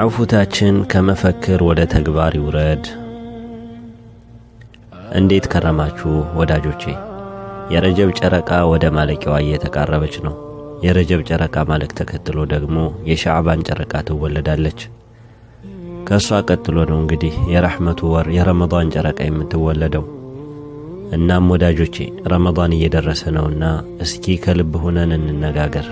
አውፉታችን ከመፈክር ወደ ተግባር ይውረድ። እንዴት ከረማችሁ ወዳጆቼ? የረጀብ ጨረቃ ወደ ማለቂያዋ እየተቃረበች ነው። የረጀብ ጨረቃ ማለቅ ተከትሎ ደግሞ የሻዕባን ጨረቃ ትወለዳለች። ከእሷ ቀጥሎ ነው እንግዲህ የረሕመቱ ወር የረመን ጨረቃ የምትወለደው። እናም ወዳጆቼ ረመን እየደረሰ ነውና እስኪ ከልብ ሆነን እንነጋገር።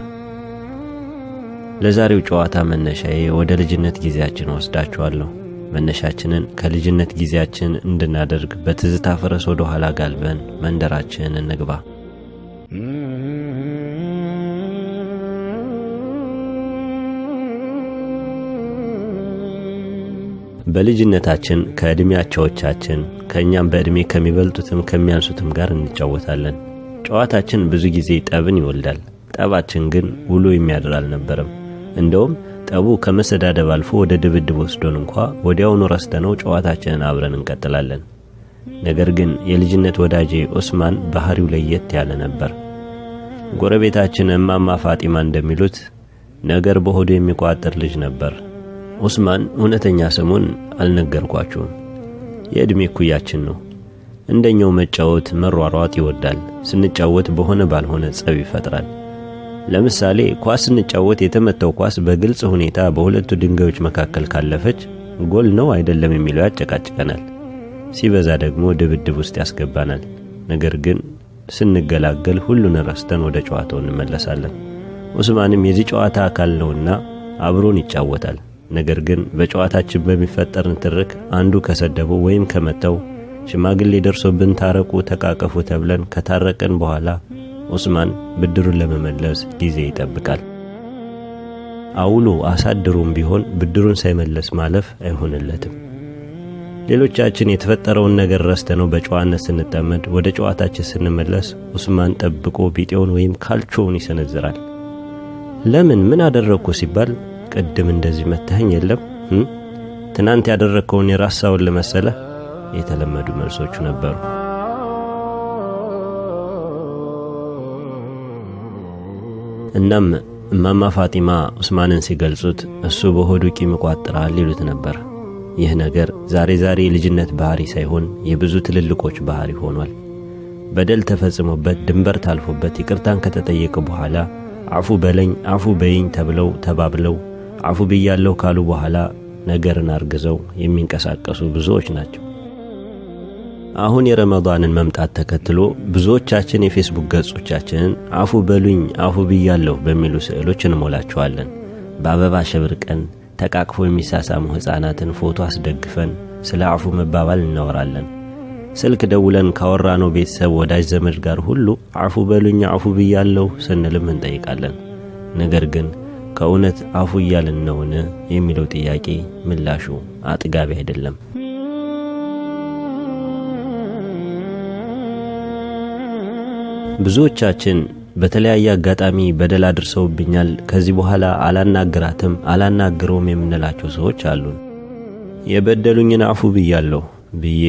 ለዛሬው ጨዋታ መነሻዬ ወደ ልጅነት ጊዜያችን ወስዳችኋለሁ። መነሻችንን ከልጅነት ጊዜያችን እንድናደርግ በትዝታ ፈረስ ወደ ኋላ ጋልበን መንደራችን እንግባ። በልጅነታችን ከዕድሜ አቻዎቻችን ከእኛም በዕድሜ ከሚበልጡትም ከሚያንሱትም ጋር እንጫወታለን። ጨዋታችን ብዙ ጊዜ ጠብን ይወልዳል። ጠባችን ግን ውሎ የሚያድር አልነበረም። እንደውም ጠቡ ከመሰዳደብ አልፎ ወደ ድብድብ ወስዶን እንኳ ወዲያውኑ ረስተነው ጨዋታችንን አብረን እንቀጥላለን። ነገር ግን የልጅነት ወዳጄ ኦስማን ባህሪው ለየት ያለ ነበር። ጎረቤታችን እማማ ፋጢማ እንደሚሉት ነገር በሆዱ የሚቋጥር ልጅ ነበር። ኡስማን እውነተኛ ስሙን አልነገርኳችሁም። የዕድሜ ኩያችን ነው። እንደኛው መጫወት፣ መሯሯጥ ይወዳል። ስንጫወት በሆነ ባልሆነ ጸብ ይፈጥራል። ለምሳሌ ኳስ ስንጫወት የተመታው ኳስ በግልጽ ሁኔታ በሁለቱ ድንጋዮች መካከል ካለፈች ጎል ነው አይደለም የሚለው ያጨቃጭቀናል። ሲበዛ ደግሞ ድብድብ ውስጥ ያስገባናል። ነገር ግን ስንገላገል ሁሉን ረስተን ወደ ጨዋታው እንመለሳለን። ኡስማንም የዚህ ጨዋታ አካል ነውና አብሮን ይጫወታል። ነገር ግን በጨዋታችን በሚፈጠር ንትርክ አንዱ ከሰደበው ወይም ከመተው ሽማግሌ ደርሶብን ታረቁ፣ ተቃቀፉ ተብለን ከታረቀን በኋላ ኦስማን ብድሩን ለመመለስ ጊዜ ይጠብቃል። አውሎ አሳድሩም ቢሆን ብድሩን ሳይመለስ ማለፍ አይሆንለትም። ሌሎቻችን የተፈጠረውን ነገር ረስተነው በጨዋነት ስንጠመድ ወደ ጨዋታችን ስንመለስ ኡስማን ጠብቆ ቢጤውን ወይም ካልቾውን ይሰነዝራል። ለምን ምን አደረግኩ ሲባል ቅድም እንደዚህ መታኸኝ የለም ትናንት ያደረግከውን የራሳውን ልመሰለህ የተለመዱ መልሶቹ ነበሩ። እናም እማማ ፋጢማ ዑስማንን ሲገልጹት እሱ በሆዱ ቂም ይቋጥራል ይሉት ነበር። ይህ ነገር ዛሬ ዛሬ የልጅነት ባህሪ ሳይሆን የብዙ ትልልቆች ባህሪ ሆኗል። በደል ተፈጽሞበት ድንበር ታልፎበት ይቅርታን ከተጠየቀ በኋላ አፉ በለኝ አፉ በይኝ ተብለው ተባብለው አፉ ብያለው ካሉ በኋላ ነገርን አርግዘው የሚንቀሳቀሱ ብዙዎች ናቸው። አሁን የረመዷንን መምጣት ተከትሎ ብዙዎቻችን የፌስቡክ ገጾቻችንን አፉ በሉኝ አፉ ብያለሁ በሚሉ ስዕሎች እንሞላቸዋለን። በአበባ ሸብርቀን ተቃቅፎ የሚሳሳሙ ሕፃናትን ፎቶ አስደግፈን ስለ አፉ መባባል እናወራለን። ስልክ ደውለን ካወራነው ቤተሰብ፣ ወዳጅ ዘመድ ጋር ሁሉ አፉ በሉኝ አፉ ብያለሁ ስንልም እንጠይቃለን። ነገር ግን ከእውነት አፉ እያልን ነውን የሚለው ጥያቄ ምላሹ አጥጋቢ አይደለም። ብዙዎቻችን በተለያየ አጋጣሚ በደል አድርሰውብኛል፣ ከዚህ በኋላ አላናግራትም፣ አላናግረውም የምንላቸው ሰዎች አሉን። የበደሉኝን አፉ ብያለሁ ብዬ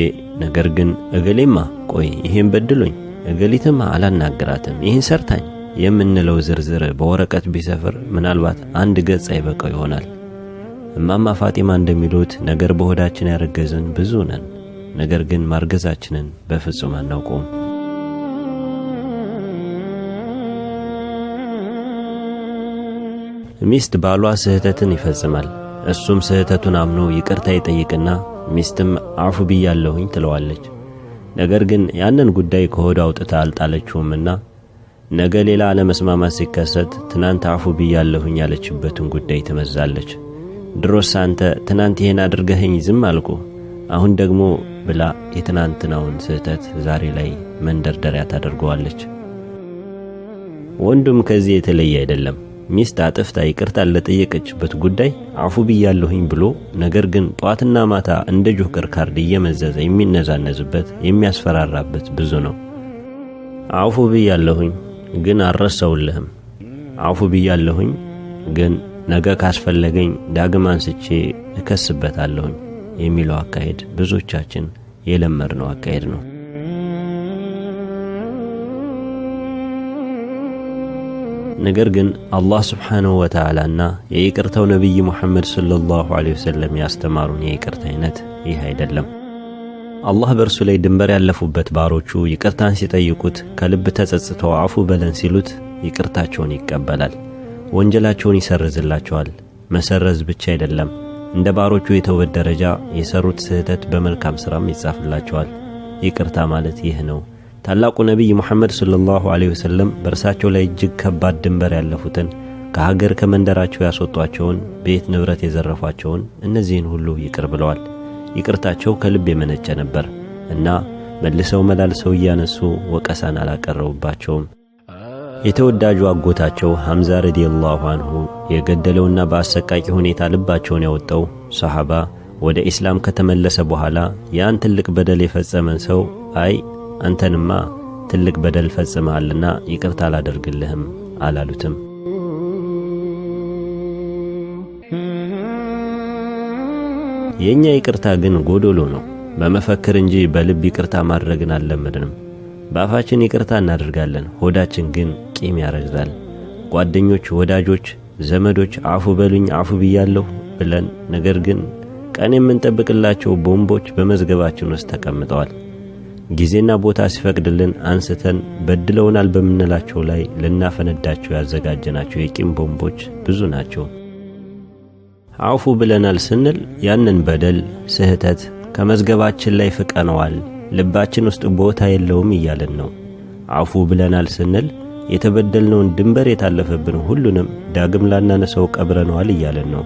ነገር ግን እገሌማ ቆይ ይሄን በድሎኝ፣ እገሊትማ አላናግራትም፣ ይህን ሰርታኝ የምንለው ዝርዝር በወረቀት ቢሰፍር ምናልባት አንድ ገጽ አይበቃው ይሆናል። እማማ ፋጢማ እንደሚሉት ነገር በሆዳችን ያረገዝን ብዙ ነን፣ ነገር ግን ማርገዛችንን በፍጹም አናውቀውም። ሚስት ባሏ ስህተትን ይፈጽማል። እሱም ስህተቱን አምኖ ይቅርታ ይጠይቅና ሚስትም አፉ ብያለሁኝ ትለዋለች። ነገር ግን ያንን ጉዳይ ከሆዷ አውጥታ አልጣለችውምና ነገ ሌላ አለመስማማት ሲከሰት ትናንት አፉ ብያለሁኝ ያለችበትን ጉዳይ ትመዛለች። ድሮስ አንተ ትናንት ይሄን አድርገህኝ ዝም አልኩ፣ አሁን ደግሞ ብላ የትናንትናውን ስህተት ዛሬ ላይ መንደርደሪያ ታደርገዋለች። ወንዱም ከዚህ የተለየ አይደለም። ሚስት አጥፍታ ይቅርታ ለጠየቀችበት ጉዳይ አፉ ብያለሁኝ ብሎ ነገር ግን ጧትና ማታ እንደ ጆከር ካርድ እየመዘዘ የሚነዛነዝበት የሚያስፈራራበት ብዙ ነው። አፉ ብያለሁኝ ግን አልረሳውልህም፣ አፉ ብያለሁኝ ግን ነገ ካስፈለገኝ ዳግም አንስቼ እከስበታለሁኝ የሚለው አካሄድ ብዙዎቻችን የለመድነው አካሄድ ነው። ነገር ግን አላህ ስብሓንሁ ወተዓላና የይቅርታው ነቢይ ሙሐመድ ሰለላሁ ዐለይሂ ወሰለም ያስተማሩን የይቅርታ አይነት ይህ አይደለም። አላህ በእርሱ ላይ ድንበር ያለፉበት ባሮቹ ይቅርታን ሲጠይቁት ከልብ ተጸጽቶ አፉ በለን ሲሉት ይቅርታቸውን ይቀበላል፣ ወንጀላቸውን ይሰርዝላቸዋል። መሰረዝ ብቻ አይደለም፣ እንደ ባሮቹ የተውበት ደረጃ የሰሩት ስህተት በመልካም ሥራም ይጻፍላቸዋል። ይቅርታ ማለት ይህ ነው። ታላቁ ነቢይ ሙሐመድ ሰለላሁ ዐለይሂ ወሰለም በእርሳቸው ላይ እጅግ ከባድ ድንበር ያለፉትን ከሀገር ከመንደራቸው ያስወጧቸውን ቤት ንብረት የዘረፏቸውን እነዚህን ሁሉ ይቅር ብለዋል። ይቅርታቸው ከልብ የመነጨ ነበር እና መልሰው መላልሰው እያነሱ ወቀሳን አላቀረቡባቸውም። የተወዳጁ አጎታቸው ሐምዛ ረዲየላሁ አንሁ የገደለውና በአሰቃቂ ሁኔታ ልባቸውን ያወጣው ሰሐባ ወደ ኢስላም ከተመለሰ በኋላ ያን ትልቅ በደል የፈጸመን ሰው አይ አንተንማ ትልቅ በደል ፈጽመሃልና ይቅርታ አላደርግልህም አላሉትም። የእኛ ይቅርታ ግን ጎዶሎ ነው። በመፈክር እንጂ በልብ ይቅርታ ማድረግን አልለመድንም። በአፋችን ይቅርታ እናደርጋለን፣ ሆዳችን ግን ቂም ያረግዛል። ጓደኞች፣ ወዳጆች፣ ዘመዶች አፉ በሉኝ አፉ ብያለሁ ብለን ነገር ግን ቀን የምንጠብቅላቸው ቦምቦች በመዝገባችን ውስጥ ተቀምጠዋል። ጊዜና ቦታ ሲፈቅድልን አንስተን በድለውናል በምንላቸው ላይ ልናፈነዳቸው ያዘጋጀናቸው የቂም ቦምቦች ብዙ ናቸው። አውፉ ብለናል ስንል ያንን በደል፣ ስህተት ከመዝገባችን ላይ ፍቀነዋል፣ ልባችን ውስጥ ቦታ የለውም እያለን ነው። አፉ ብለናል ስንል የተበደልነውን ድንበር የታለፈብን ሁሉንም ዳግም ላናነሰው ቀብረነዋል እያለን ነው።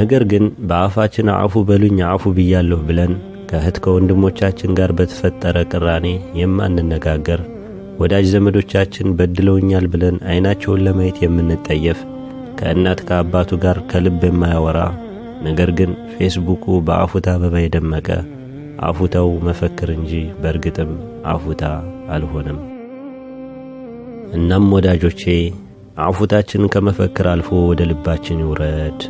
ነገር ግን በአፋችን አፉ በሉኝ አፉ ብያለሁ ብለን ከእህት ከወንድሞቻችን ጋር በተፈጠረ ቅራኔ የማንነጋገር ወዳጅ ዘመዶቻችን በድለውኛል ብለን ዐይናቸውን ለማየት የምንጠየፍ ከእናት ከአባቱ ጋር ከልብ የማያወራ ነገር ግን ፌስቡኩ በአፉታ አበባ የደመቀ አፉታው መፈክር እንጂ በእርግጥም አፉታ አልሆነም። እናም ወዳጆቼ አፉታችን ከመፈክር አልፎ ወደ ልባችን ይውረድ።